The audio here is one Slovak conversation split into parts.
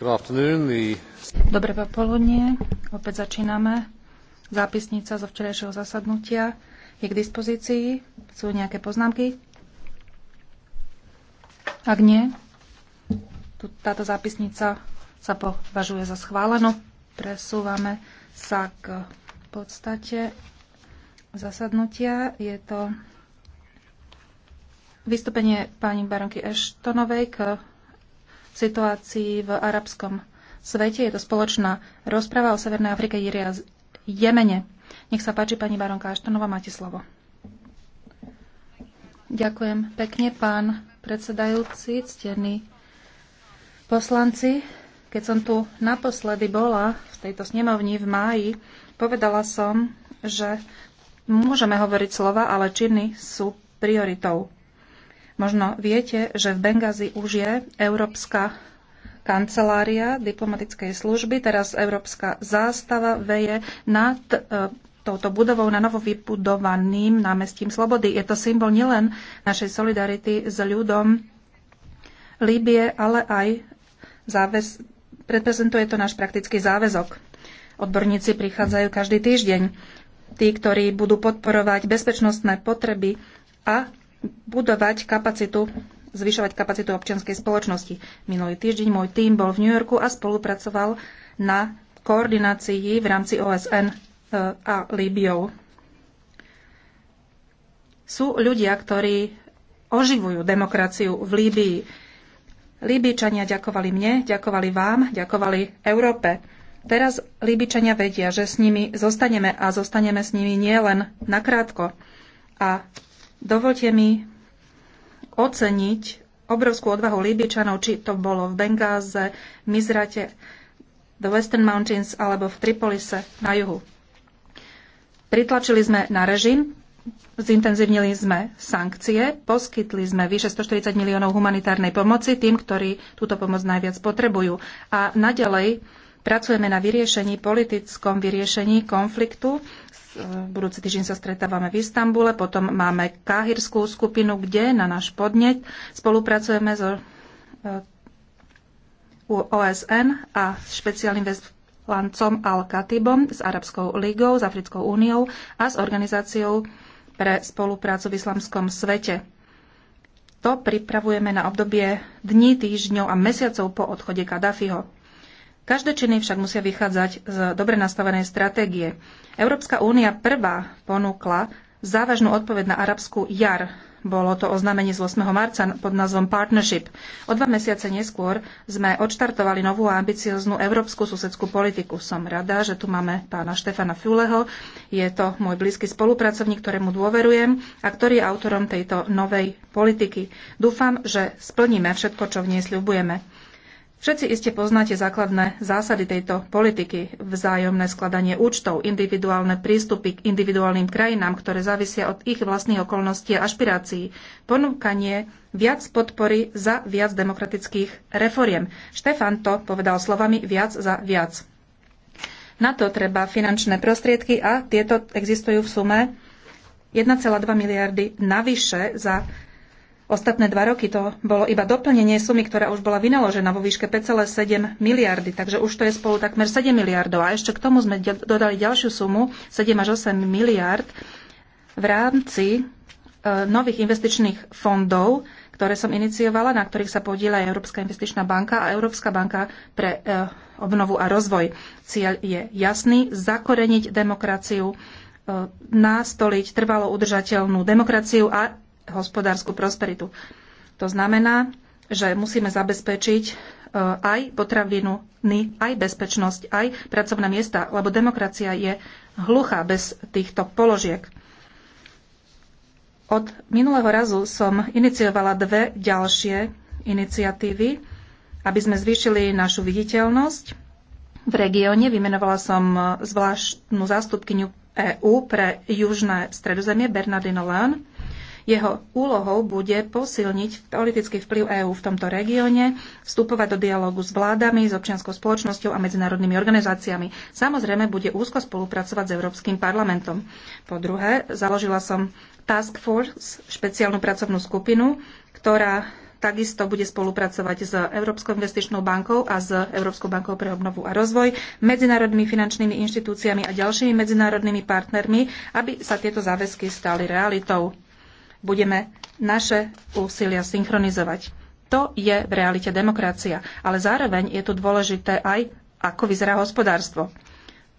Dobré popoludnie. Opäť začíname. Zápisnica zo včerajšieho zasadnutia je k dispozícii. Sú nejaké poznámky? Ak nie, táto zápisnica sa považuje za schválenú. Presúvame sa k podstate zasadnutia. Je to vystúpenie pani baronky Eštonovej k situácii v arabskom svete. Je to spoločná rozpráva o Severnej Afrike, Jírii a Jemene. Nech sa páči, pani baronka Aštonova, máte slovo. Ďakujem pekne, pán predsedajúci, ctení poslanci. Keď som tu naposledy bola v tejto snemovni v máji, povedala som, že môžeme hovoriť slova, ale činy sú prioritou. Možno viete, že v Bengazi už je Európska kancelária diplomatickej služby, teraz Európska zástava veje nad e, touto budovou na novo vybudovaným námestím Slobody. Je to symbol nielen našej solidarity s ľudom Líbie, ale aj záväz, reprezentuje to náš praktický záväzok. Odborníci prichádzajú každý týždeň. Tí, ktorí budú podporovať bezpečnostné potreby a budovať kapacitu zvyšovať kapacitu občianskej spoločnosti. Minulý týždeň môj tým bol v New Yorku a spolupracoval na koordinácii v rámci OSN e, a Líbiou. Sú ľudia, ktorí oživujú demokraciu v Líbii. Líbičania ďakovali mne, ďakovali vám, ďakovali Európe. Teraz Líbičania vedia, že s nimi zostaneme a zostaneme s nimi nielen nakrátko. A Dovolte mi oceniť obrovskú odvahu Líbičanov, či to bolo v Bengáze, v Mizrate, The Western Mountains alebo v Tripolise na juhu. Pritlačili sme na režim, zintenzívnili sme sankcie, poskytli sme vyše 140 miliónov humanitárnej pomoci tým, ktorí túto pomoc najviac potrebujú. A naďalej Pracujeme na vyriešení, politickom vyriešení konfliktu. V e, Budúci týždeň sa stretávame v Istambule, potom máme káhirskú skupinu, kde na náš podneť spolupracujeme so e, OSN a špeciálnym veslancom Al-Katibom s Arabskou ligou, s Africkou úniou a s organizáciou pre spoluprácu v islamskom svete. To pripravujeme na obdobie dní, týždňov a mesiacov po odchode Kadafiho. Každé činy však musia vychádzať z dobre nastavenej stratégie. Európska únia prvá ponúkla závažnú odpoveď na arabskú jar. Bolo to oznámenie z 8. marca pod názvom Partnership. O dva mesiace neskôr sme odštartovali novú a ambicioznú európsku susedskú politiku. Som rada, že tu máme pána Štefana Fuleho. Je to môj blízky spolupracovník, ktorému dôverujem a ktorý je autorom tejto novej politiky. Dúfam, že splníme všetko, čo v nej sľubujeme. Všetci iste poznáte základné zásady tejto politiky, vzájomné skladanie účtov, individuálne prístupy k individuálnym krajinám, ktoré závisia od ich vlastných okolností a ašpirácií, ponúkanie viac podpory za viac demokratických reforiem. Štefan to povedal slovami viac za viac. Na to treba finančné prostriedky a tieto existujú v sume 1,2 miliardy navyše za Ostatné dva roky to bolo iba doplnenie sumy, ktorá už bola vynaložená vo výške 5,7 miliardy, takže už to je spolu takmer 7 miliardov. A ešte k tomu sme dodali ďalšiu sumu, 7 až 8 miliard, v rámci e, nových investičných fondov, ktoré som iniciovala, na ktorých sa podieľa Európska investičná banka a Európska banka pre e, obnovu a rozvoj. Cieľ je jasný, zakoreniť demokraciu, e, nastoliť trvalo udržateľnú demokraciu a hospodárskú prosperitu. To znamená, že musíme zabezpečiť e, aj potravinu, aj bezpečnosť, aj pracovné miesta, lebo demokracia je hluchá bez týchto položiek. Od minulého razu som iniciovala dve ďalšie iniciatívy, aby sme zvýšili našu viditeľnosť v regióne. Vymenovala som e, zvláštnu zástupkyňu EÚ pre južné stredozemie Bernardino Leon jeho úlohou bude posilniť politický vplyv EÚ v tomto regióne, vstupovať do dialogu s vládami, s občianskou spoločnosťou a medzinárodnými organizáciami. Samozrejme, bude úzko spolupracovať s Európskym parlamentom. Po druhé, založila som Task Force, špeciálnu pracovnú skupinu, ktorá takisto bude spolupracovať s Európskou investičnou bankou a s Európskou bankou pre obnovu a rozvoj, medzinárodnými finančnými inštitúciami a ďalšími medzinárodnými partnermi, aby sa tieto záväzky stali realitou budeme naše úsilia synchronizovať. To je v realite demokracia, ale zároveň je tu dôležité aj, ako vyzerá hospodárstvo.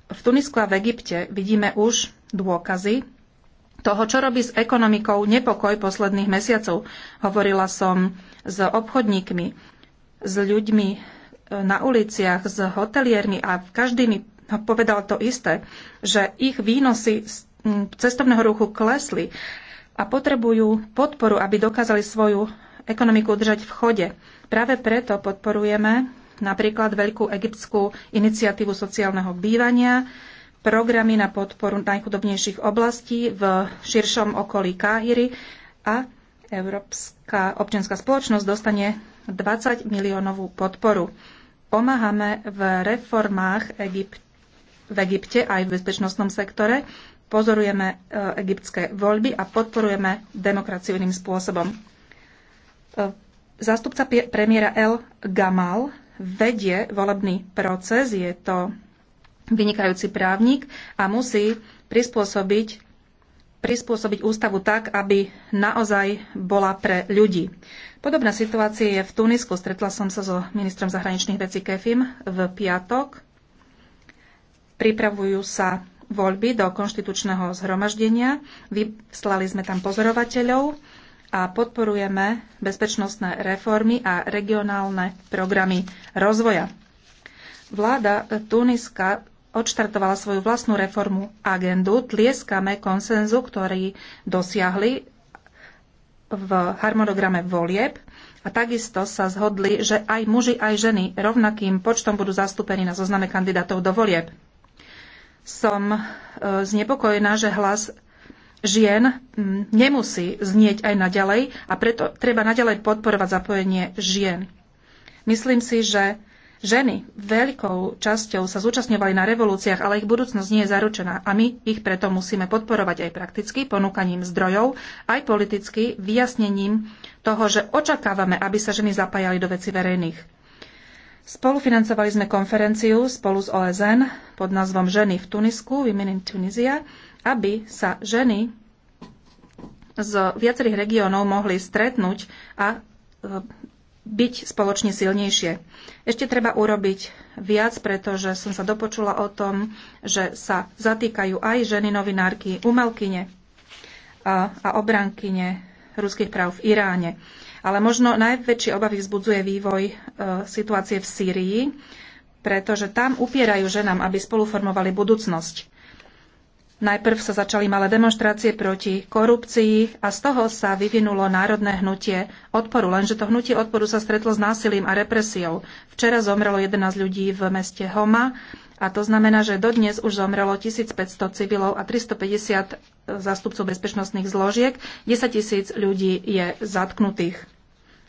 V Tunisku a v Egypte vidíme už dôkazy toho, čo robí s ekonomikou nepokoj posledných mesiacov. Hovorila som s obchodníkmi, s ľuďmi e, na uliciach, s hoteliermi a každý mi povedal to isté, že ich výnosy z cestovného ruchu klesli a potrebujú podporu, aby dokázali svoju ekonomiku držať v chode. Práve preto podporujeme napríklad Veľkú egyptskú iniciatívu sociálneho bývania, programy na podporu najchudobnejších oblastí v širšom okolí Káhyry a Európska občianská spoločnosť dostane 20 miliónovú podporu. Pomáhame v reformách Egyptu v Egypte aj v bezpečnostnom sektore. Pozorujeme e, egyptské voľby a podporujeme demokraciu iným spôsobom. E, zástupca premiéra El Gamal vedie volebný proces. Je to vynikajúci právnik a musí prispôsobiť prispôsobiť ústavu tak, aby naozaj bola pre ľudí. Podobná situácia je v Tunisku. Stretla som sa so ministrom zahraničných vecí Kefim v piatok pripravujú sa voľby do konštitučného zhromaždenia. Vyslali sme tam pozorovateľov a podporujeme bezpečnostné reformy a regionálne programy rozvoja. Vláda Tuniska odštartovala svoju vlastnú reformu agendu. Tlieskame konsenzu, ktorý dosiahli v harmonograme volieb a takisto sa zhodli, že aj muži, aj ženy rovnakým počtom budú zastúpení na zozname kandidátov do volieb som e, znepokojená, že hlas žien nemusí znieť aj naďalej a preto treba naďalej podporovať zapojenie žien. Myslím si, že ženy veľkou časťou sa zúčastňovali na revolúciách, ale ich budúcnosť nie je zaručená a my ich preto musíme podporovať aj prakticky, ponúkaním zdrojov, aj politicky, vyjasnením toho, že očakávame, aby sa ženy zapájali do veci verejných. Spolufinancovali sme konferenciu spolu s OSN pod názvom Ženy v Tunisku, Women in Tunisia, aby sa ženy z viacerých regiónov mohli stretnúť a e, byť spoločne silnejšie. Ešte treba urobiť viac, pretože som sa dopočula o tom, že sa zatýkajú aj ženy novinárky, umelkyne a obrankyne ruských práv v Iráne. Ale možno najväčšie obavy vzbudzuje vývoj e, situácie v Sýrii, pretože tam upierajú ženám, aby spoluformovali budúcnosť. Najprv sa začali malé demonstrácie proti korupcii a z toho sa vyvinulo národné hnutie odporu, lenže to hnutie odporu sa stretlo s násilím a represiou. Včera zomrelo 11 ľudí v meste Homa a to znamená, že dodnes už zomrelo 1500 civilov a 350 zástupcov bezpečnostných zložiek. 10 tisíc ľudí je zatknutých.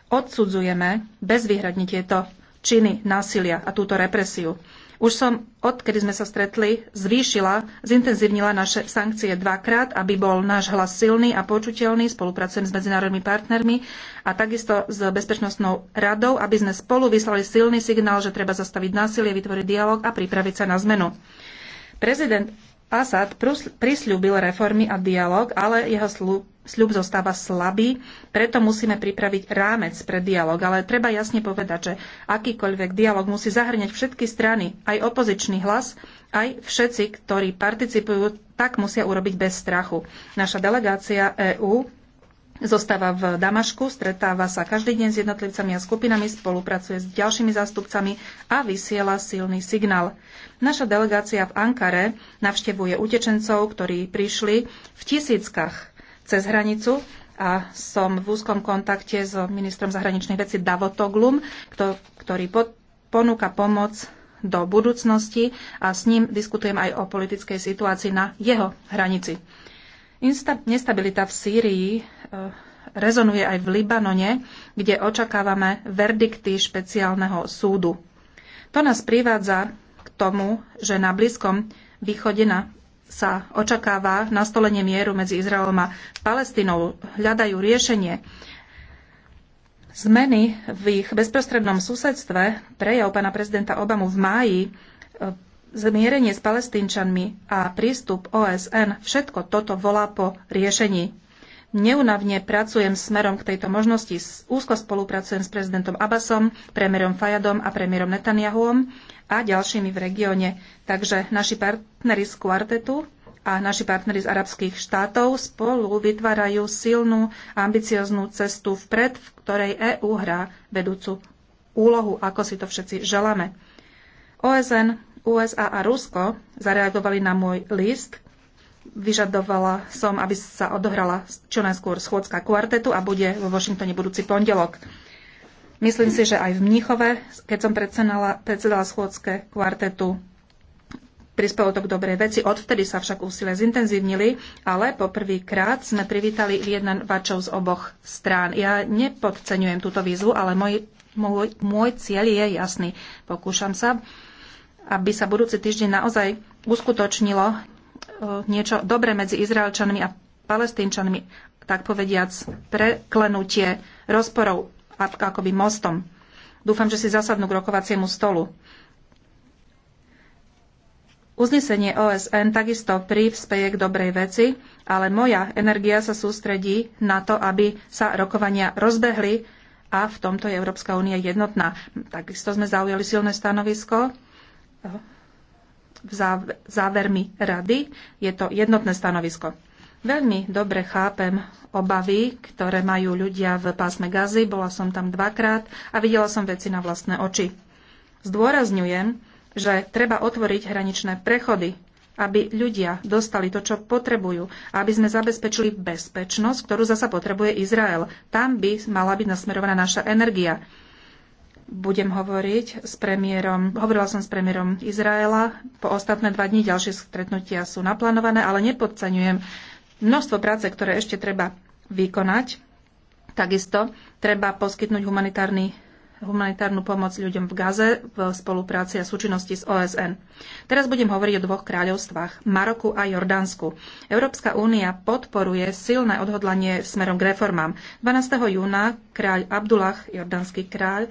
Odsudzujeme bezvýhradne tieto činy násilia a túto represiu. Už som, odkedy sme sa stretli, zvýšila, zintenzívnila naše sankcie dvakrát, aby bol náš hlas silný a počuteľný. Spolupracujem s medzinárodnými partnermi a takisto s Bezpečnostnou radou, aby sme spolu vyslali silný signál, že treba zastaviť násilie, vytvoriť dialog a pripraviť sa na zmenu. Prezident Asad prisľúbil reformy a dialog, ale jeho slúb sľub zostáva slabý, preto musíme pripraviť rámec pre dialog. Ale treba jasne povedať, že akýkoľvek dialog musí zahrňať všetky strany, aj opozičný hlas, aj všetci, ktorí participujú, tak musia urobiť bez strachu. Naša delegácia EÚ Zostáva v Damašku, stretáva sa každý deň s jednotlivcami a skupinami, spolupracuje s ďalšími zástupcami a vysiela silný signál. Naša delegácia v Ankare navštevuje utečencov, ktorí prišli v tisíckach cez hranicu a som v úzkom kontakte s ministrom zahraničných vecí Davotoglum, ktorý ponúka pomoc do budúcnosti a s ním diskutujem aj o politickej situácii na jeho hranici. Nestabilita v Sýrii E, rezonuje aj v Libanone, kde očakávame verdikty špeciálneho súdu. To nás privádza k tomu, že na Blízkom východe na sa očakáva nastolenie mieru medzi Izraelom a Palestinou Hľadajú riešenie. Zmeny v ich bezprostrednom susedstve, prejav pána prezidenta Obamu v máji, e, zmierenie s palestínčanmi a prístup OSN, všetko toto volá po riešení. Neunavne pracujem smerom k tejto možnosti. Úzko spolupracujem s prezidentom Abbasom, premiérom Fajadom a premiérom Netanyahuom a ďalšími v regióne. Takže naši partneri z kvartetu a naši partneri z arabských štátov spolu vytvárajú silnú ambicioznú cestu vpred, v ktorej EÚ hrá vedúcu úlohu, ako si to všetci želáme. OSN, USA a Rusko zareagovali na môj list, vyžadovala som, aby sa odohrala čo najskôr schôdzka kvartetu a bude vo Washingtone budúci pondelok. Myslím si, že aj v Mníchove, keď som predsedala, predsedala schôdzke kvartetu, prispelo to k dobrej veci. Odvtedy sa však úsilie zintenzívnili, ale poprvýkrát sme privítali vyjednávačov z oboch strán. Ja nepodceňujem túto výzvu, ale môj, môj, môj cieľ je jasný. Pokúšam sa, aby sa budúci týždeň naozaj uskutočnilo E, niečo dobré medzi Izraelčanmi a Palestínčanmi, tak povediac, preklenutie rozporov akoby mostom. Dúfam, že si zasadnú k rokovaciemu stolu. Uznesenie OSN takisto prispieje k dobrej veci, ale moja energia sa sústredí na to, aby sa rokovania rozbehli a v tomto je Európska únia jednotná. Takisto sme zaujali silné stanovisko závermi rady. Je to jednotné stanovisko. Veľmi dobre chápem obavy, ktoré majú ľudia v pásme gazy. Bola som tam dvakrát a videla som veci na vlastné oči. Zdôrazňujem, že treba otvoriť hraničné prechody, aby ľudia dostali to, čo potrebujú aby sme zabezpečili bezpečnosť, ktorú zasa potrebuje Izrael. Tam by mala byť nasmerovaná naša energia budem hovoriť s premiérom, hovorila som s premiérom Izraela, po ostatné dva dní ďalšie stretnutia sú naplánované, ale nepodceňujem množstvo práce, ktoré ešte treba vykonať. Takisto treba poskytnúť humanitárny humanitárnu pomoc ľuďom v Gaze v spolupráci a súčinnosti s OSN. Teraz budem hovoriť o dvoch kráľovstvách, Maroku a Jordánsku. Európska únia podporuje silné odhodlanie smerom k reformám. 12. júna kráľ Abdullah, jordánsky kráľ,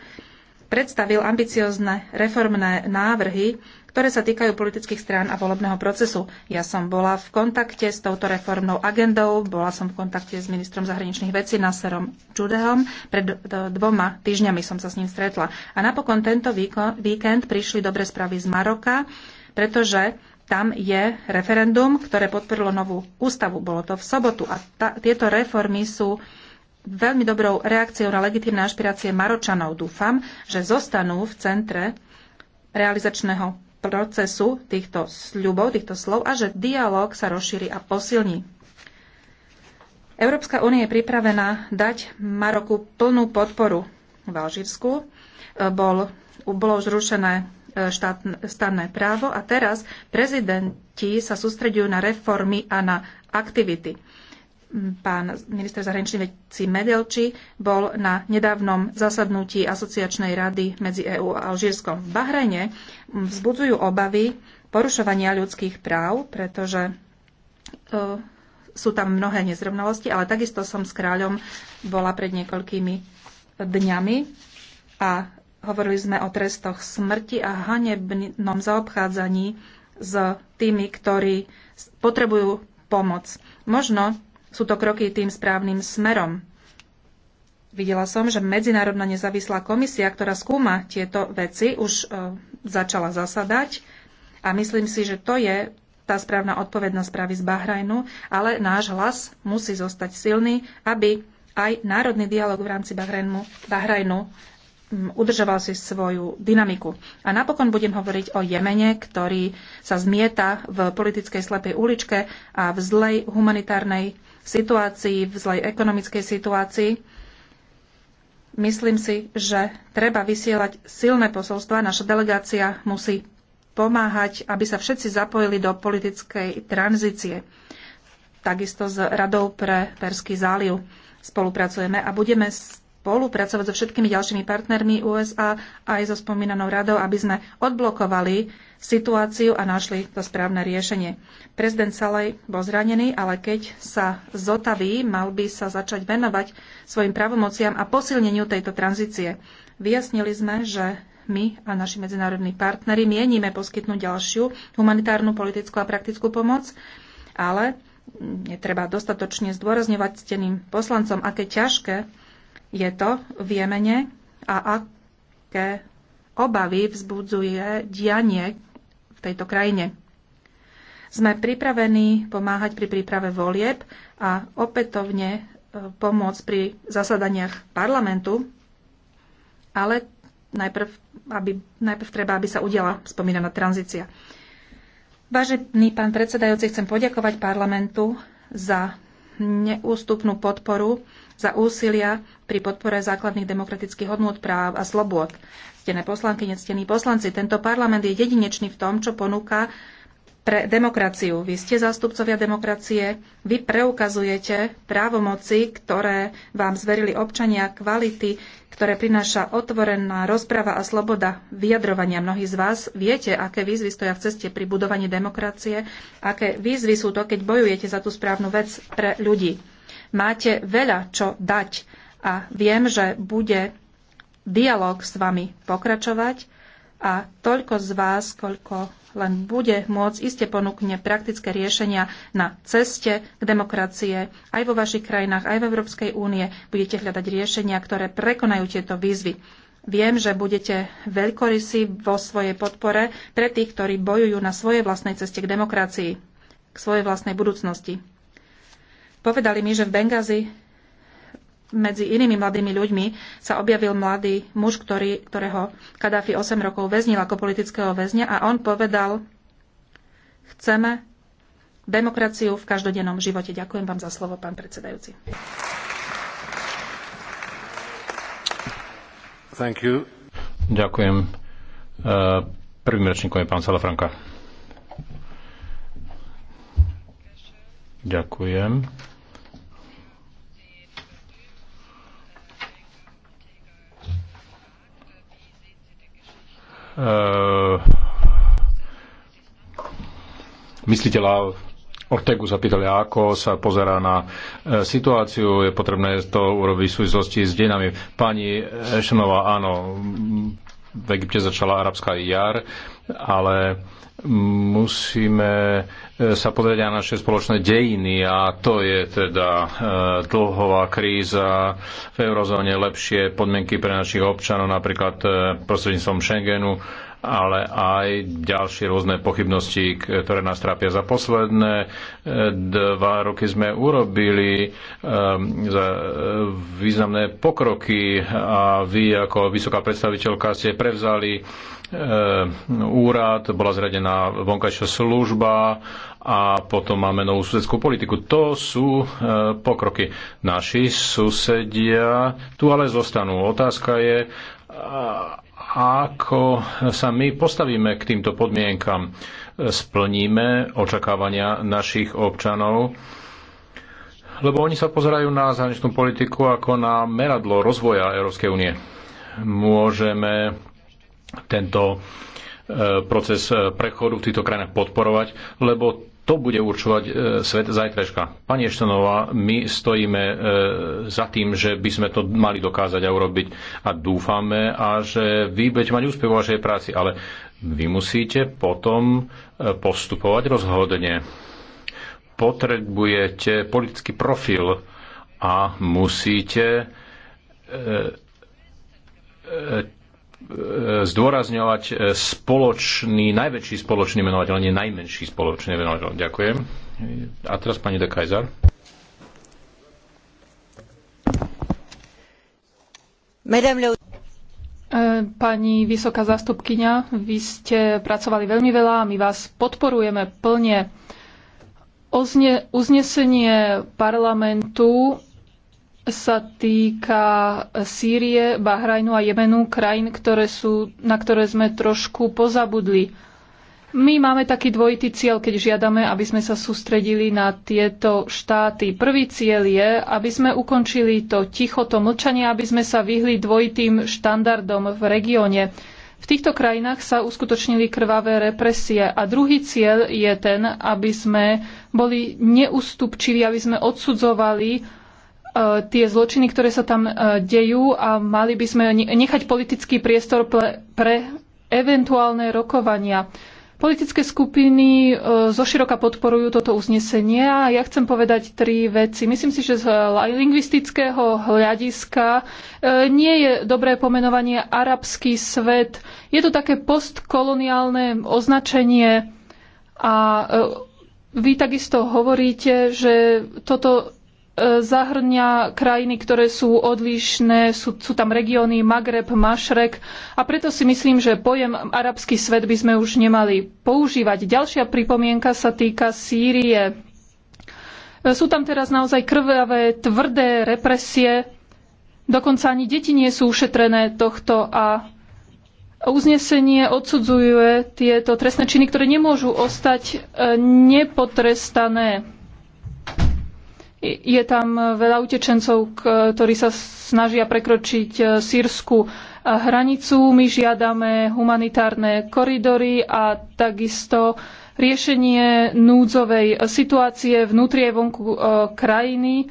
predstavil ambiciozne reformné návrhy, ktoré sa týkajú politických strán a volebného procesu. Ja som bola v kontakte s touto reformnou agendou, bola som v kontakte s ministrom zahraničných vecí Naserom Čudehom. pred dvoma týždňami som sa s ním stretla. A napokon tento víkend prišli dobre správy z Maroka, pretože tam je referendum, ktoré podporilo novú ústavu. Bolo to v sobotu a tieto reformy sú veľmi dobrou reakciou na legitímne ašpirácie Maročanov. Dúfam, že zostanú v centre realizačného procesu týchto sľubov, týchto slov a že dialog sa rozšíri a posilní. Európska únia je pripravená dať Maroku plnú podporu v Alžírsku. E, bol, bolo už zrušené e, štátne, stanné právo a teraz prezidenti sa sústredujú na reformy a na aktivity pán minister zahraničných vecí Medelči bol na nedávnom zasadnutí asociačnej rady medzi EÚ a Alžírskom v Bahrajne, vzbudzujú obavy porušovania ľudských práv, pretože e, sú tam mnohé nezrovnalosti, ale takisto som s kráľom bola pred niekoľkými dňami a hovorili sme o trestoch smrti a hanebnom zaobchádzaní s tými, ktorí potrebujú pomoc. Možno sú to kroky tým správnym smerom. Videla som, že Medzinárodná nezávislá komisia, ktorá skúma tieto veci, už e, začala zasadať a myslím si, že to je tá správna odpoveď na správy z Bahrajnu, ale náš hlas musí zostať silný, aby aj národný dialog v rámci Bahrajnu, Bahrajnu udržoval si svoju dynamiku. A napokon budem hovoriť o Jemene, ktorý sa zmieta v politickej slepej uličke a v zlej humanitárnej situácii, v zlej ekonomickej situácii. Myslím si, že treba vysielať silné posolstva. Naša delegácia musí pomáhať, aby sa všetci zapojili do politickej tranzície. Takisto s Radou pre Perský záliv spolupracujeme a budeme spolupracovať so všetkými ďalšími partnermi USA aj so spomínanou radou, aby sme odblokovali situáciu a našli to správne riešenie. Prezident Salej bol zranený, ale keď sa zotaví, mal by sa začať venovať svojim pravomociam a posilneniu tejto tranzície. Vyjasnili sme, že my a naši medzinárodní partnery mienime poskytnúť ďalšiu humanitárnu, politickú a praktickú pomoc, ale je treba dostatočne zdôrazňovať steným poslancom, aké ťažké je to v Jemene a aké obavy vzbudzuje dianie v tejto krajine. Sme pripravení pomáhať pri príprave volieb a opätovne e, pomôcť pri zasadaniach parlamentu, ale najprv, aby, najprv treba, aby sa udiala spomínaná tranzícia. Vážený pán predsedajúci, chcem poďakovať parlamentu za neústupnú podporu za úsilia pri podpore základných demokratických hodnôt práv a slobôd. Ctené poslanky, nectení poslanci, tento parlament je jedinečný v tom, čo ponúka pre demokraciu. Vy ste zástupcovia demokracie, vy preukazujete právomoci, ktoré vám zverili občania, kvality, ktoré prináša otvorená rozprava a sloboda vyjadrovania. Mnohí z vás viete, aké výzvy stoja v ceste pri budovaní demokracie, aké výzvy sú to, keď bojujete za tú správnu vec pre ľudí máte veľa čo dať a viem, že bude dialog s vami pokračovať a toľko z vás, koľko len bude môcť, iste ponúkne praktické riešenia na ceste k demokracie aj vo vašich krajinách, aj v Európskej únie. Budete hľadať riešenia, ktoré prekonajú tieto výzvy. Viem, že budete veľkorysí vo svojej podpore pre tých, ktorí bojujú na svojej vlastnej ceste k demokracii, k svojej vlastnej budúcnosti. Povedali mi, že v Bengazi medzi inými mladými ľuďmi sa objavil mladý muž, ktorý, ktorého Kadáfi 8 rokov väznil ako politického väzňa a on povedal, chceme demokraciu v každodennom živote. Ďakujem vám za slovo, pán predsedajúci. Thank you. Ďakujem. E, prvým rečníkom je pán Salafranka. Ďakujem. E, mysliteľa Ortegu zapýtali, ako sa pozerá na e, situáciu. Je potrebné to urobiť v súvislosti s dejinami. Pani Ešenová, áno, v Egypte začala arabská jar, ale musíme e, sa pozrieť na naše spoločné dejiny a to je teda e, dlhová kríza v eurozóne, lepšie podmienky pre našich občanov, napríklad e, prostredníctvom Schengenu, ale aj ďalšie rôzne pochybnosti, ktoré nás trápia. Za posledné dva roky sme urobili významné pokroky a vy ako vysoká predstaviteľka ste prevzali Eh, úrad, bola zradená vonkajšia služba a potom máme novú susedskú politiku. To sú eh, pokroky. Naši susedia tu ale zostanú. Otázka je, ako sa my postavíme k týmto podmienkam. Splníme očakávania našich občanov, lebo oni sa pozerajú na zahraničnú politiku ako na meradlo rozvoja Európskej únie. Môžeme tento e, proces e, prechodu v týchto krajinách podporovať, lebo to bude určovať e, svet zajtrajška. Pani Eštonová, my stojíme za tým, že by sme to mali dokázať a urobiť a dúfame a že vy budete mať úspech vo vašej práci, ale vy musíte potom postupovať rozhodne. Potrebujete politický profil a musíte E, zdôrazňovať e, spoločný, najväčší spoločný menovateľ, nie najmenší spoločný menovateľ. Ďakujem. A teraz pani de Kajzar. E, pani vysoká zastupkynia, vy ste pracovali veľmi veľa a my vás podporujeme plne. Ozne, uznesenie parlamentu sa týka Sýrie, Bahrajnu a Jemenu, krajín, ktoré sú, na ktoré sme trošku pozabudli. My máme taký dvojitý cieľ, keď žiadame, aby sme sa sústredili na tieto štáty. Prvý cieľ je, aby sme ukončili to ticho, to mlčanie, aby sme sa vyhli dvojitým štandardom v regióne. V týchto krajinách sa uskutočnili krvavé represie a druhý cieľ je ten, aby sme boli neustupčiví, aby sme odsudzovali E, tie zločiny, ktoré sa tam e, dejú a mali by sme nechať politický priestor pre eventuálne rokovania. Politické skupiny e, zoširoka podporujú toto uznesenie a ja chcem povedať tri veci. Myslím si, že z lingvistického hľadiska nie je dobré pomenovanie arabský svet. Je to také postkoloniálne označenie a vy takisto hovoríte, že toto E, zahrňa krajiny, ktoré sú odlišné, sú, sú tam regióny Magreb, Mašrek a preto si myslím, že pojem arabský svet by sme už nemali používať. Ďalšia pripomienka sa týka Sýrie. E, sú tam teraz naozaj krvavé, tvrdé represie. Dokonca ani deti nie sú ušetrené tohto a uznesenie odsudzuje tieto trestné činy, ktoré nemôžu ostať e, nepotrestané. Je tam veľa utečencov, ktorí sa snažia prekročiť eh, sírsku eh, hranicu. My žiadame humanitárne koridory a takisto riešenie núdzovej eh, situácie vnútri aj vonku krajiny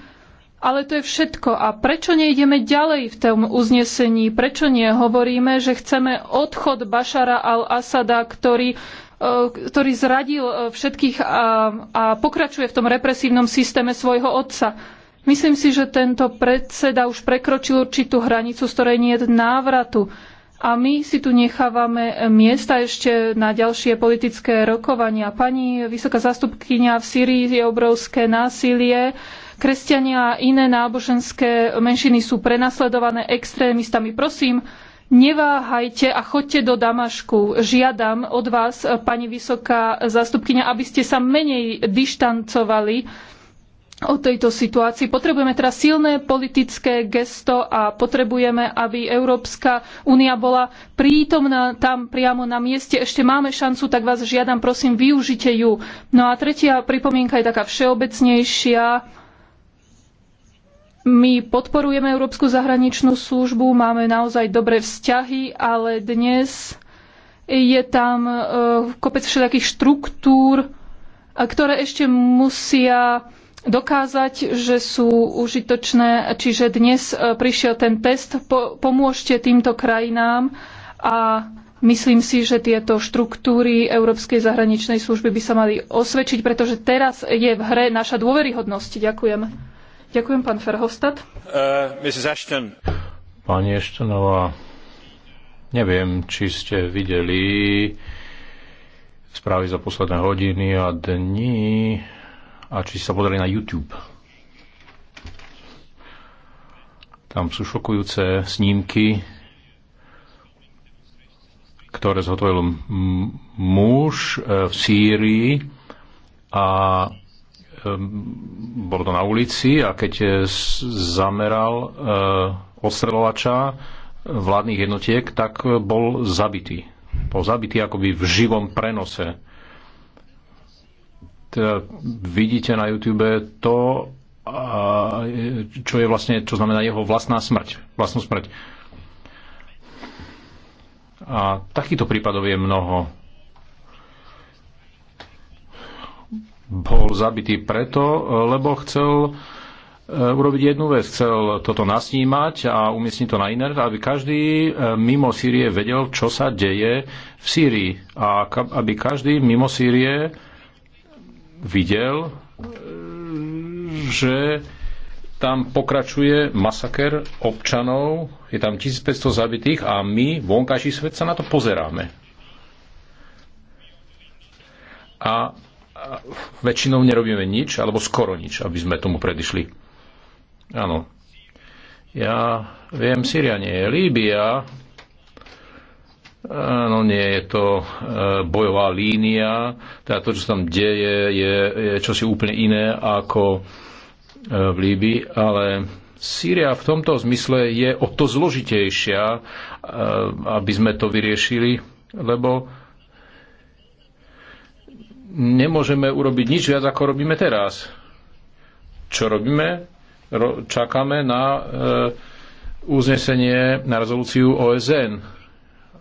ale to je všetko. A prečo nejdeme ďalej v tom uznesení? Prečo nehovoríme, že chceme odchod Bašara al-Asada, ktorý e, ktorý zradil e, všetkých a, a pokračuje v tom represívnom systéme svojho otca. Myslím si, že tento predseda už prekročil určitú hranicu, z ktorej nie je návratu. A my si tu nechávame miesta ešte na ďalšie politické rokovania. Pani vysoká zastupkynia v Sýrii je obrovské násilie. Kresťania a iné náboženské menšiny sú prenasledované extrémistami. Prosím, Neváhajte a choďte do Damašku. Žiadam od vás, pani vysoká zástupkyňa, aby ste sa menej dištancovali o tejto situácii. Potrebujeme teraz silné politické gesto a potrebujeme, aby Európska únia bola prítomná tam priamo na mieste. Ešte máme šancu, tak vás žiadam, prosím, využite ju. No a tretia pripomienka je taká všeobecnejšia my podporujeme Európsku zahraničnú službu, máme naozaj dobré vzťahy, ale dnes je tam e, kopec všelijakých štruktúr, e, ktoré ešte musia dokázať, že sú užitočné. Čiže dnes e, prišiel ten test, pomôžte týmto krajinám a Myslím si, že tieto štruktúry Európskej zahraničnej služby by sa mali osvedčiť, pretože teraz je v hre naša dôveryhodnosť. Ďakujem. Ďakujem, pán Ferhofstadt. Uh, Pani Ashtonová, neviem, či ste videli správy za posledné hodiny a dni a či sa podali na YouTube. Tam sú šokujúce snímky, ktoré zhotovil muž eh, v Sýrii a Ehm, bolo to na ulici a keď e, zameral e, ostreľovača e, vládnych jednotiek, tak bol zabitý. Bol zabitý akoby v živom prenose. Teda vidíte na YouTube to, čo je vlastne, čo znamená jeho vlastná smrť. Vlastnú smrť. A takýchto prípadov je mnoho bol zabitý preto, lebo chcel e, urobiť jednu vec. Chcel toto nasnímať a umiestniť to na internet, aby každý e, mimo Sýrie vedel, čo sa deje v Sýrii. A aby každý mimo Sýrie videl, e, že tam pokračuje masaker občanov, je tam 1500 zabitých a my, vonkajší svet, sa na to pozeráme. A väčšinou nerobíme nič, alebo skoro nič, aby sme tomu predišli. Áno. Ja viem, Syria nie je Líbia. Áno, nie je to e, bojová línia. Teda to, čo sa tam deje, je, je čosi úplne iné ako e, v Líbii, ale Sýria v tomto zmysle je o to zložitejšia, e, aby sme to vyriešili, lebo nemôžeme urobiť nič viac, ako robíme teraz. Čo robíme? Ro- čakáme na e, uznesenie, na rezolúciu OSN.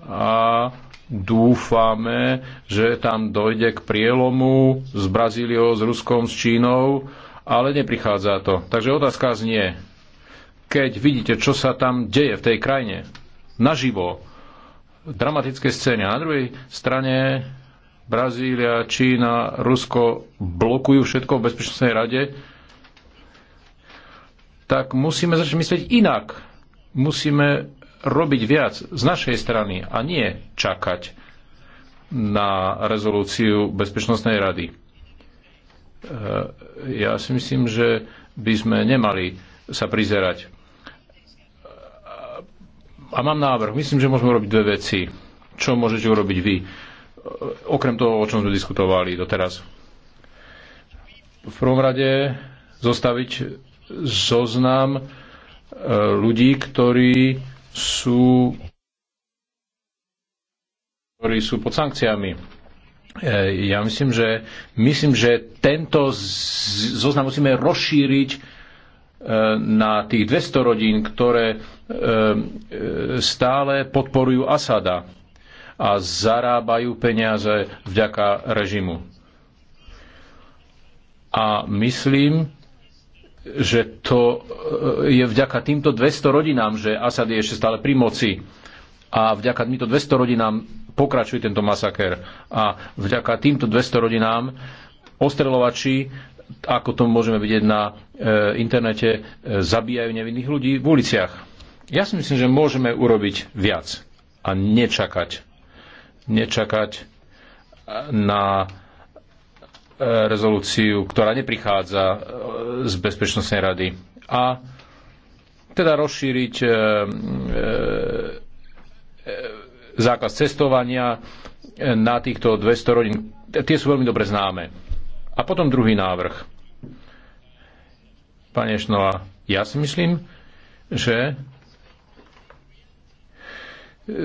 A dúfame, že tam dojde k prielomu s Brazíliou, s Ruskom, s Čínou, ale neprichádza to. Takže otázka znie, keď vidíte, čo sa tam deje v tej krajine, naživo, dramatické scény. A na druhej strane Brazília, Čína, Rusko blokujú všetko v Bezpečnostnej rade, tak musíme začať myslieť inak. Musíme robiť viac z našej strany a nie čakať na rezolúciu Bezpečnostnej rady. E, ja si myslím, že by sme nemali sa prizerať. A mám návrh. Myslím, že môžeme robiť dve veci. Čo môžete urobiť vy? okrem toho, o čom sme diskutovali doteraz. V prvom rade zostaviť zoznam e, ľudí, ktorí sú ktorí sú pod sankciami. E, ja myslím, že, myslím, že tento zoznam musíme rozšíriť e, na tých 200 rodín, ktoré stále podporujú Asada a zarábajú peniaze vďaka režimu. A myslím, že to e, je vďaka týmto 200 rodinám, že Asad je ešte stále pri moci a vďaka týmto 200 rodinám pokračuje tento masaker. A vďaka týmto 200 rodinám ostrelovači, ako to môžeme vidieť na e, internete, e, zabíjajú nevinných ľudí v uliciach. Ja si myslím, že môžeme urobiť viac a nečakať nečakať na e, rezolúciu, ktorá neprichádza e, z Bezpečnostnej rady. A teda rozšíriť e, zákaz cestovania na týchto 200 rodín. Tie sú veľmi dobre známe. A potom druhý návrh. Pane Šnova, ja si myslím, že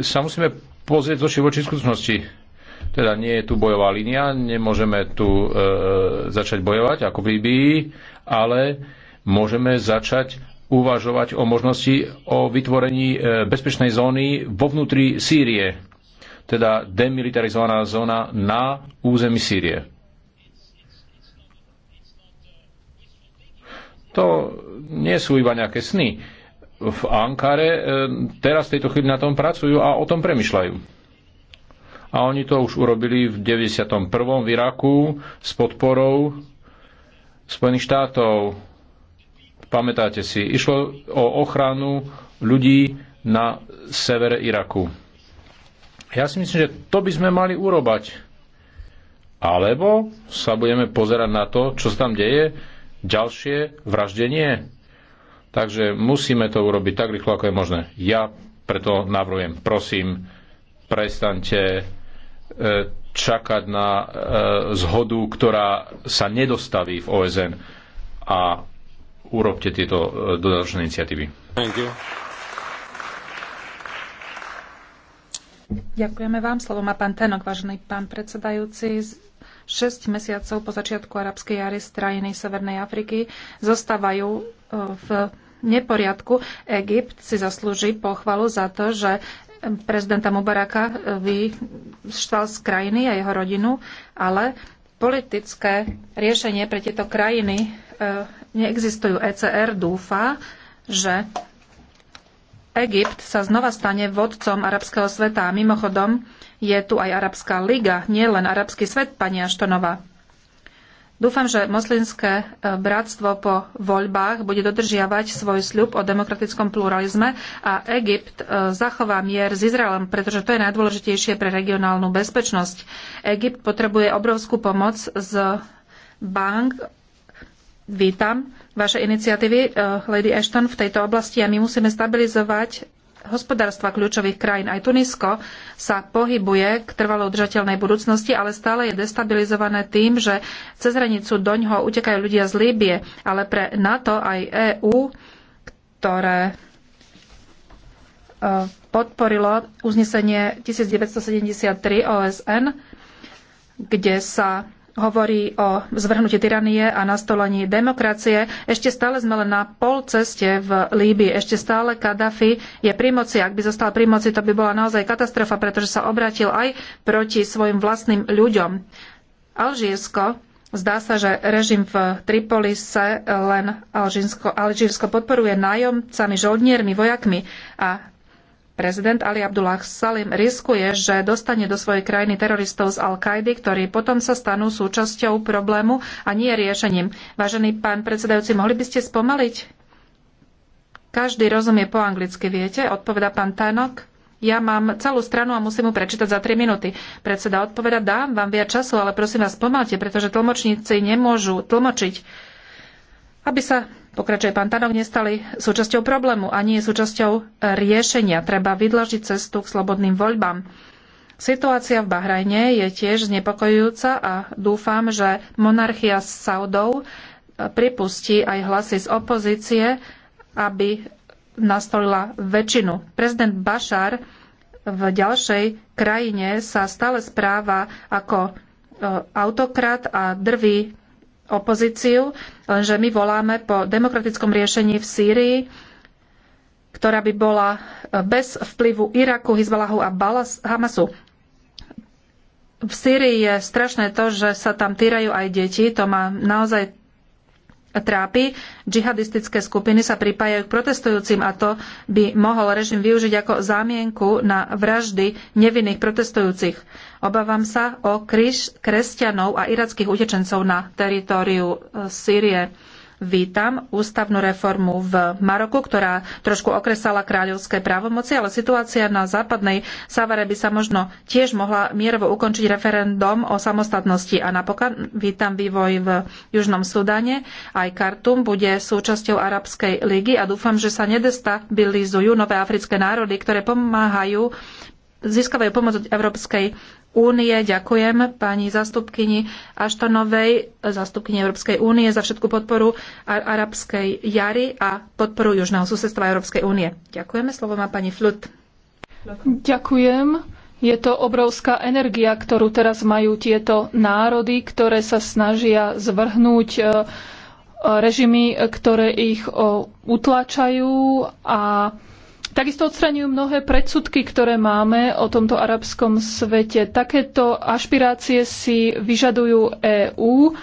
sa musíme pozrieť z oči voči skutočnosti. Teda nie je tu bojová línia, nemôžeme tu e, začať bojovať ako v Líbii, ale môžeme začať uvažovať o možnosti o vytvorení e, bezpečnej zóny vo vnútri Sýrie, teda demilitarizovaná zóna na území Sýrie. To nie sú iba nejaké sny v Ankare e, teraz v tejto chvíli na tom pracujú a o tom premyšľajú. A oni to už urobili v 91. v Iraku s podporou Spojených štátov. Pamätáte si, išlo o ochranu ľudí na severe Iraku. Ja si myslím, že to by sme mali urobať. Alebo sa budeme pozerať na to, čo sa tam deje, ďalšie vraždenie Takže musíme to urobiť tak rýchlo, ako je možné. Ja preto navrhujem, prosím, prestaňte e, čakať na e, zhodu, ktorá sa nedostaví v OSN a urobte tieto e, dodatočné iniciatívy. Ďakujeme vám. Slovo má pán Tenok, vážený pán predsedajúci. 6 mesiacov po začiatku arabskej jary z Severnej Afriky zostávajú v neporiadku. Egypt si zaslúži pochvalu za to, že prezidenta Mubaraka vyštval z krajiny a jeho rodinu, ale politické riešenie pre tieto krajiny e, neexistujú. ECR dúfa, že Egypt sa znova stane vodcom arabského sveta. A mimochodom, je tu aj Arabská liga, nie len arabský svet, pani Aštonová. Dúfam, že moslimské e, bratstvo po voľbách bude dodržiavať svoj sľub o demokratickom pluralizme a Egypt e, zachová mier s Izraelom, pretože to je najdôležitejšie pre regionálnu bezpečnosť. Egypt potrebuje obrovskú pomoc z bank. Vítam vaše iniciatívy, e, Lady Ashton, v tejto oblasti a my musíme stabilizovať hospodárstva kľúčových krajín. Aj Tunisko sa pohybuje k trvalo udržateľnej budúcnosti, ale stále je destabilizované tým, že cez hranicu doňho utekajú ľudia z Líbie, ale pre NATO aj EÚ, ktoré e, podporilo uznesenie 1973 OSN, kde sa hovorí o zvrhnutí tyranie a nastolení demokracie. Ešte stále sme len na pol ceste v Líbii. Ešte stále Kadafi je pri moci. Ak by zostal pri moci, to by bola naozaj katastrofa, pretože sa obratil aj proti svojim vlastným ľuďom. Alžírsko Zdá sa, že režim v Tripolise len Alžírsko, Alžírsko podporuje nájomcami, žoldniermi, vojakmi a Prezident Ali Abdullah Salim riskuje, že dostane do svojej krajiny teroristov z Al-Kaidy, ktorí potom sa stanú súčasťou problému a nie riešením. Vážený pán predsedajúci, mohli by ste spomaliť? Každý rozumie po anglicky, viete? Odpoveda pán Tanok. Ja mám celú stranu a musím mu prečítať za 3 minúty. Predseda odpoveda, dám vám viac času, ale prosím vás, pomalte, pretože tlmočníci nemôžu tlmočiť, aby sa pokračuje pán Tanok, nestali súčasťou problému a nie súčasťou e, riešenia. Treba vydlažiť cestu k slobodným voľbám. Situácia v Bahrajne je tiež znepokojujúca a dúfam, že monarchia s Saudov e, pripustí aj hlasy z opozície, aby nastolila väčšinu. Prezident Bašár v ďalšej krajine sa stále správa ako e, autokrat a drví opozíciu, lenže my voláme po demokratickom riešení v Sýrii, ktorá by bola e, bez vplyvu Iraku, Hizbalahu a Hamasu. V Sýrii je strašné to, že sa tam týrajú aj deti. To ma naozaj trápi. Džihadistické skupiny sa pripájajú k protestujúcim a to by mohol režim využiť ako zámienku na vraždy nevinných protestujúcich. Obávam sa o križ kresťanov a irackých utečencov na teritóriu e, Sýrie vítam ústavnú reformu v Maroku, ktorá trošku okresala kráľovské právomoci, ale situácia na západnej Savare by sa možno tiež mohla mierovo ukončiť referendum o samostatnosti. A napokon vítam vývoj v Južnom Sudane. Aj Kartum bude súčasťou Arabskej ligy a dúfam, že sa nedestabilizujú nové africké národy, ktoré pomáhajú získavajú pomoc od Európskej únie. Ďakujem pani zastupkyni Aštanovej, zastupkyni Európskej únie za všetku podporu arabskej jary a podporu južného susedstva Európskej únie. Ďakujeme. Slovo má pani Flut. Ďakujem. Je to obrovská energia, ktorú teraz majú tieto národy, ktoré sa snažia zvrhnúť e, e, režimy, ktoré ich utlačajú a Takisto odstraňujú mnohé predsudky, ktoré máme o tomto arabskom svete. Takéto ašpirácie si vyžadujú EÚ.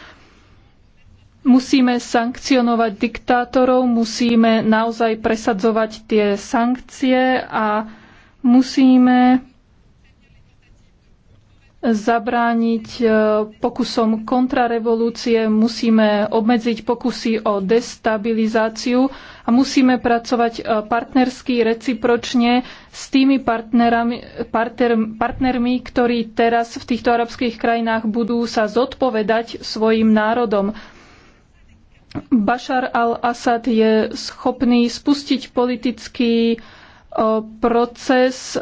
Musíme sankcionovať diktátorov, musíme naozaj presadzovať tie sankcie a musíme zabrániť e, pokusom kontrarevolúcie, musíme obmedziť pokusy o destabilizáciu a musíme pracovať e, partnersky, recipročne s tými partnerami, partner, partnermi, ktorí teraz v týchto arabských krajinách budú sa zodpovedať svojim národom. Bašar al-Assad je schopný spustiť politický e, proces,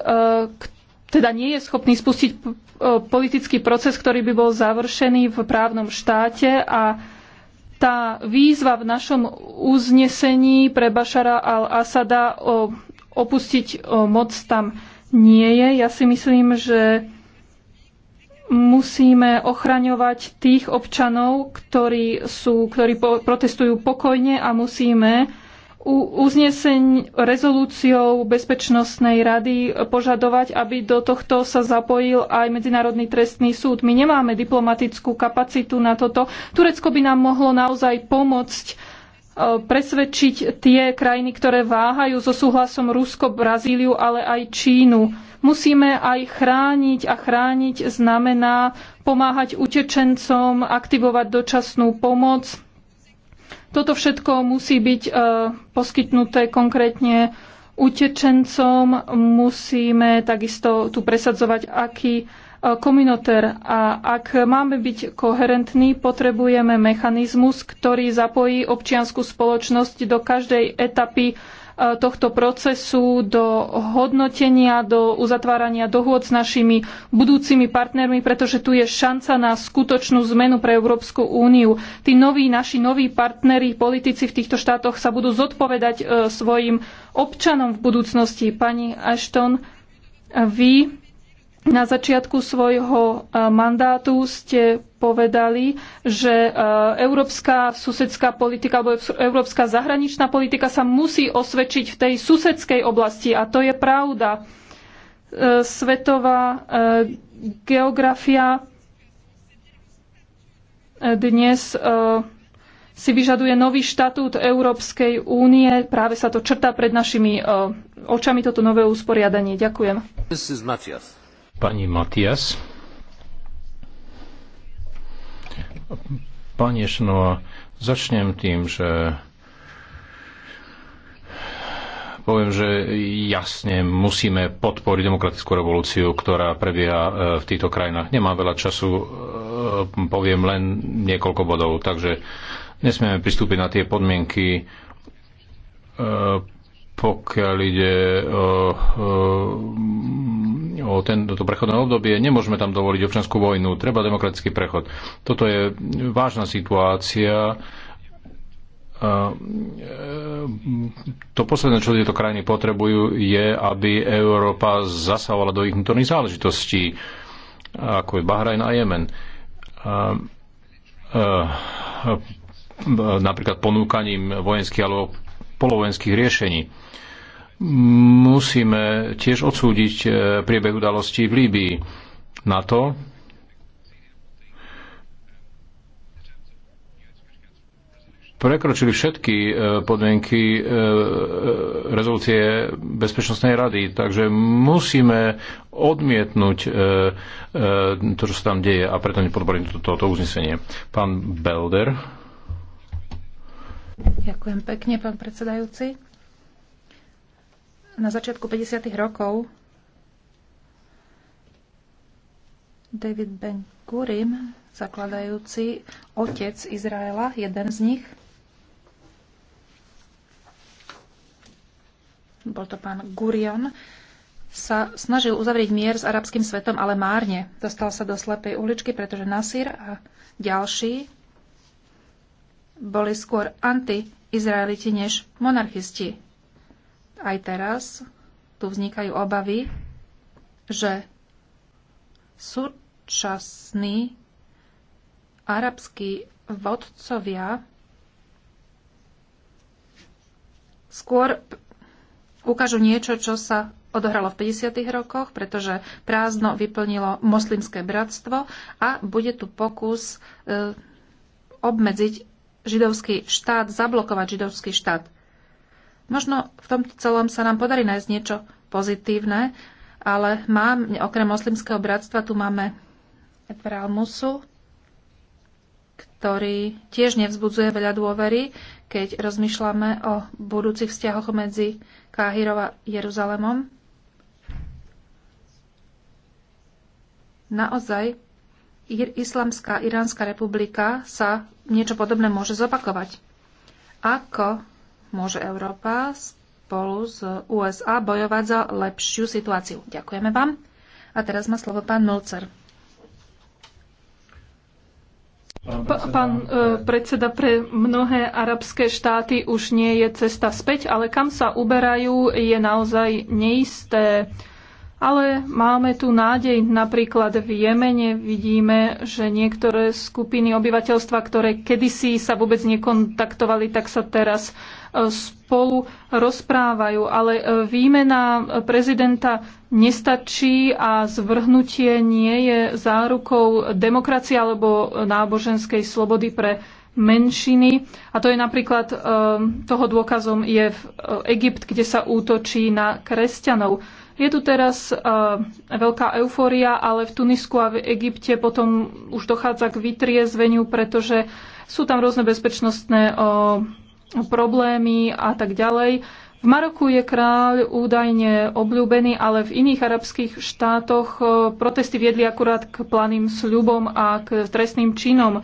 teda nie je schopný spustiť E, politický proces, ktorý by bol završený v právnom štáte a tá výzva v našom uznesení pre Bašara al-Asada e, opustiť e, moc tam nie je. Ja si myslím, že musíme ochraňovať tých občanov, ktorí, sú, ktorí protestujú pokojne a musíme uzneseň rezolúciou Bezpečnostnej rady požadovať, aby do tohto sa zapojil aj Medzinárodný trestný súd. My nemáme diplomatickú kapacitu na toto. Turecko by nám mohlo naozaj pomôcť e, presvedčiť tie krajiny, ktoré váhajú so súhlasom Rusko, Brazíliu, ale aj Čínu. Musíme aj chrániť a chrániť znamená pomáhať utečencom, aktivovať dočasnú pomoc, toto všetko musí byť e, poskytnuté konkrétne utečencom. Musíme takisto tu presadzovať, aký e, komunitér. A ak máme byť koherentní, potrebujeme mechanizmus, ktorý zapojí občiansku spoločnosť do každej etapy E, tohto procesu do hodnotenia, do uzatvárania dohôd s našimi budúcimi partnermi, pretože tu je šanca na skutočnú zmenu pre Európsku úniu. Tí noví, naši noví partneri, politici v týchto štátoch sa budú zodpovedať e, svojim občanom v budúcnosti. Pani Ashton, vy na začiatku svojho e, mandátu ste povedali, že e, európska susedská politika alebo európska zahraničná politika sa musí osvedčiť v tej susedskej oblasti a to je pravda. E, svetová geografia dnes si vyžaduje nový štatút Európskej únie. Práve sa to črtá pred našimi očami, toto nové usporiadanie. Ďakujem. Pani Matias. Pani Šnova, začnem tým, že poviem, že jasne musíme podporiť demokratickú revolúciu, ktorá prebieha e, v týchto krajinách. Nemám veľa času, e, poviem len niekoľko bodov, takže nesmieme pristúpiť na tie podmienky, e, pokiaľ ide o o tento prechodné obdobie. Nemôžeme tam dovoliť občanskú vojnu, treba demokratický prechod. Toto je vážna situácia. E, to posledné, čo tieto krajiny potrebujú, je, aby Európa zasahovala do ich vnútorných záležitostí, ako je Bahrajn a Jemen. E, e, napríklad ponúkaním vojenských alebo polovojenských riešení Musíme tiež odsúdiť e, priebeh udalostí v Líbii. Na to prekročili všetky e, podmienky e, rezolúcie Bezpečnostnej rady, takže musíme odmietnúť to, čo sa tam deje a preto nepodporím toto uznesenie. Pán Belder. Ďakujem pekne, pán predsedajúci na začiatku 50. rokov David Ben Gurim, zakladajúci otec Izraela, jeden z nich, bol to pán Gurion, sa snažil uzavrieť mier s arabským svetom, ale márne. Dostal sa do slepej uličky, pretože Nasir a ďalší boli skôr anti-izraeliti než monarchisti aj teraz tu vznikajú obavy, že súčasní arabskí vodcovia skôr ukážu niečo, čo sa odohralo v 50. rokoch, pretože prázdno vyplnilo moslimské bratstvo a bude tu pokus e, obmedziť židovský štát, zablokovať židovský štát. Možno v tomto celom sa nám podarí nájsť niečo pozitívne, ale mám, okrem moslimského bratstva tu máme Efra ktorý tiež nevzbudzuje veľa dôvery, keď rozmýšľame o budúcich vzťahoch medzi Káhirov a Jeruzalemom. Naozaj, Islamská Iránska republika sa niečo podobné môže zopakovať. Ako môže Európa spolu s USA bojovať za lepšiu situáciu. Ďakujeme vám. A teraz má slovo pán Nulcer. predseda, pán e, predseda, pre mnohé arabské štáty už nie je cesta späť, ale kam sa uberajú, je naozaj neisté. Ale máme tu nádej. Napríklad v Jemene vidíme, že niektoré skupiny obyvateľstva, ktoré kedysi sa vôbec nekontaktovali, tak sa teraz e, spolu rozprávajú. Ale e, výmena prezidenta nestačí a zvrhnutie nie je zárukou demokracie alebo náboženskej slobody pre menšiny. A to je napríklad e, toho dôkazom je v Egypt, kde sa útočí na kresťanov. Je tu teraz uh, veľká eufória, ale v Tunisku a v Egypte potom už dochádza k vytriezveniu, pretože sú tam rôzne bezpečnostné uh, problémy a tak ďalej. V Maroku je kráľ údajne obľúbený, ale v iných arabských štátoch eh, protesty viedli akurát k planým sľubom a k trestným činom.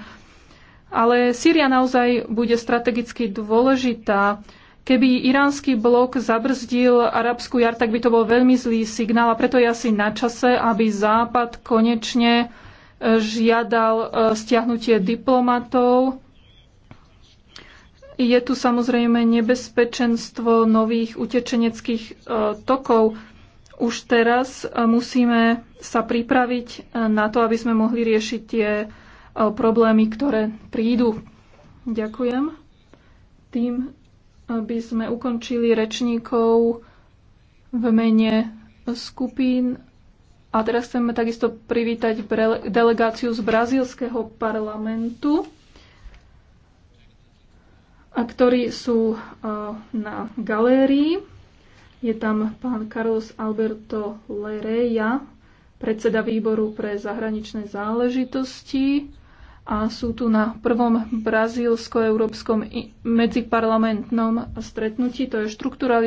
Ale Sýria naozaj bude strategicky dôležitá. Uh, Keby iránsky blok zabrzdil arabskú jar, tak by to bol veľmi zlý signál a preto je asi na čase, aby Západ konečne e, žiadal e, stiahnutie diplomatov. Je tu samozrejme nebezpečenstvo nových utečeneckých e, tokov. Už teraz musíme sa pripraviť na to, aby sme mohli riešiť tie problémy, ktoré prídu. Ďakujem. Tým aby sme ukončili rečníkov v mene skupín. A teraz chceme takisto privítať delegáciu z brazílskeho parlamentu, a ktorí sú na galérii. Je tam pán Carlos Alberto Lereja, predseda výboru pre zahraničné záležitosti a sú tu na prvom brazílsko-európskom medziparlamentnom stretnutí. To je štruktúra